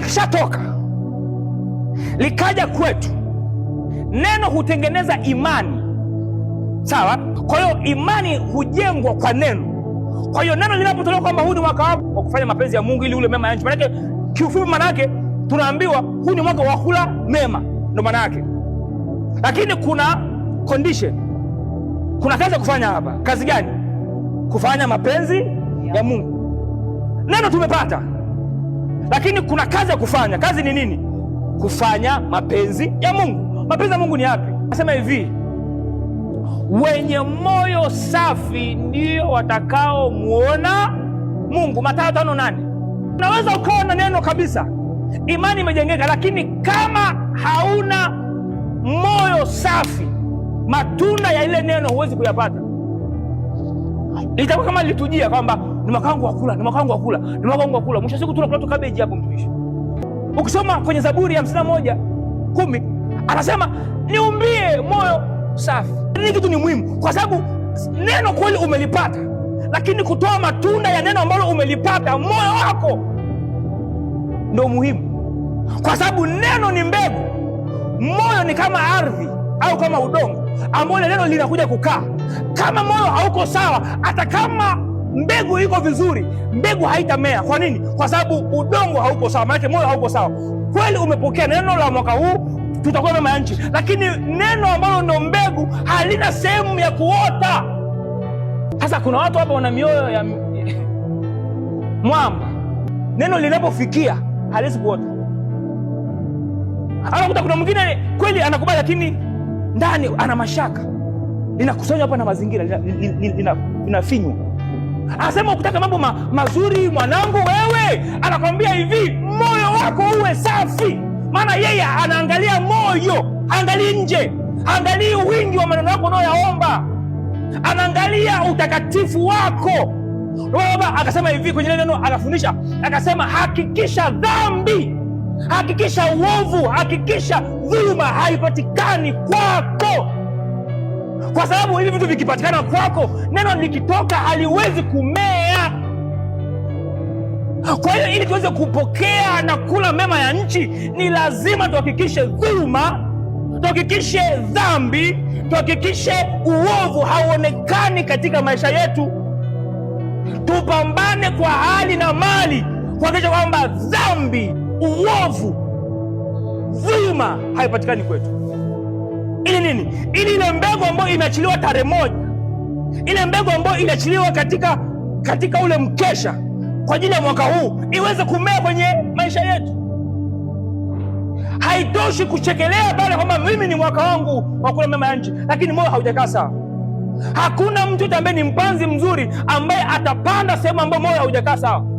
likishatoka likaja kwetu, neno hutengeneza imani, sawa? Kwa hiyo imani hujengwa kwa neno. Kwa hiyo neno linapotolewa kwamba huu ni mwaka wangu wa kufanya mapenzi ya Mungu ili ule mema ya nchi, manake kiufupi, manake tunaambiwa huu ni mwaka wa kula mema, ndo maana yake. Lakini kuna condition, kuna kazi ya kufanya hapa. Kazi gani? Kufanya mapenzi ya Mungu. Neno tumepata lakini kuna kazi ya kufanya. Kazi ni nini? Kufanya mapenzi ya Mungu. Mapenzi ya Mungu ni yapi? Nasema hivi, wenye moyo safi ndio watakaomwona Mungu, Mathayo tano nane. Unaweza ukawa na neno kabisa, imani imejengeka, lakini kama hauna moyo safi, matunda ya ile neno huwezi kuyapata. Itakuwa kama litujia kwamba ni mwaka wangu wa kula, ni mwaka wangu wa kula, ni mwaka wangu wa kula. Mwisho siku tunakula tu kabeji hapo mtumishi. Ukisoma kwenye Zaburi ya na moja kumi anasema niumbie moyo safi. Ni yaani kitu ni muhimu, kwa sababu neno kweli umelipata, lakini kutoa matunda ya neno ambalo umelipata moyo wako ndo muhimu, kwa sababu neno ni mbegu, moyo ni kama ardhi au kama udongo, ambao neno linakuja kukaa. Kama moyo hauko sawa, hata kama Mbegu iko vizuri, mbegu haitamea. Kwa nini? Kwa sababu udongo hauko sawa, maanake moyo hauko sawa. Kweli umepokea neno la mwaka huu, tutakuwa mema ya nchi, lakini neno ambalo ndio mbegu halina sehemu ya kuota. Sasa kuna watu hapa wana mioyo ya mwamba, neno linapofikia haliwezi kuota. Anakuta kuna mwingine kweli anakubali, lakini ndani ana mashaka, linakusanywa hapa na mazingira linafinywa Anasema ukitaka mambo ma, mazuri mwanangu, wewe anakwambia hivi, moyo wako uwe safi. Maana yeye anaangalia moyo, angalii nje, angalii wingi wa maneno yako unayoyaomba, anaangalia utakatifu wako. Baba akasema hivi kwenye neno, anafundisha akasema, hakikisha dhambi, hakikisha uovu, hakikisha dhuluma haipatikani kwako kwa sababu hivi vitu vikipatikana kwako, neno likitoka haliwezi kumea. Kwa hiyo ili tuweze kupokea na kula mema ya nchi, ni lazima tuhakikishe dhuluma, tuhakikishe dhambi, tuhakikishe uovu hauonekani katika maisha yetu. Tupambane kwa hali na mali kuhakikisha kwamba dhambi, uovu, dhuluma haipatikani kwetu ili nini? Ili ile mbegu ambayo imeachiliwa tarehe moja, ile mbegu ambayo iliachiliwa katika, katika ule mkesha kwa ajili ya mwaka huu iweze kumea kwenye maisha yetu. Haitoshi kuchekelea pale kwamba mimi ni mwaka wangu wa kula mema ya nchi, lakini moyo haujakaa sawa. Hakuna mtu ambaye ni mpanzi mzuri ambaye atapanda sehemu ambayo moyo haujakaa sawa.